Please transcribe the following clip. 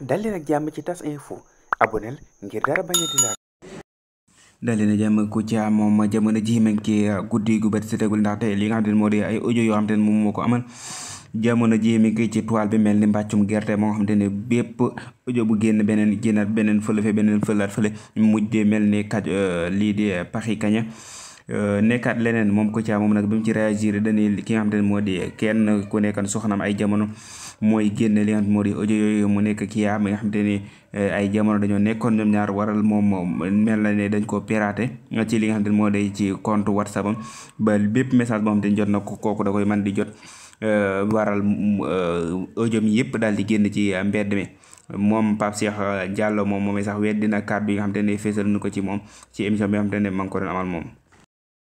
dalli nag jàmm ci tas info abonel ngir dara bañ a di laal daal dina jàmm Kouthia moom jamono ji ma ngi ci guddi gu bët setegul ndaxte li nga xam te moo di ay ojo yoo xam te moom moo ko amal jamono ji mi ngi ci toile bi mel ni mbàccum gerte moo xam te ne bépp audio bu génn beneen génnaat beneen fële fe beneen fëlaat fële mujj de mel ni kaj euh, lii di euh, paxi kaña Euh, nekkaat leneen moom Kouthia moom nag ba mu ci réagir dañuy ki nga xam te ne moo di kenn ku nekkan soxnaam ay jamono mooy génne li nga xam te moo di audio yooyu nekk Kya mi nga xam ni euh, ay jamono dañoo nekkoon ñaar waral moom mel na ne dañ koo piraté ci li nga xam te moo di ci compte WhatsApp am ba bépp message boo xam jot na ko kooku da koy man di jot euh, waral audio mi yëpp daal di génn ci mbedd mi moom Pape Cheikh Diallo moom moom sax weddi na kàddu yi nga xam te ne fésal nu ko ci moom ci émission bi nga xam te ne maa ko doon amal moom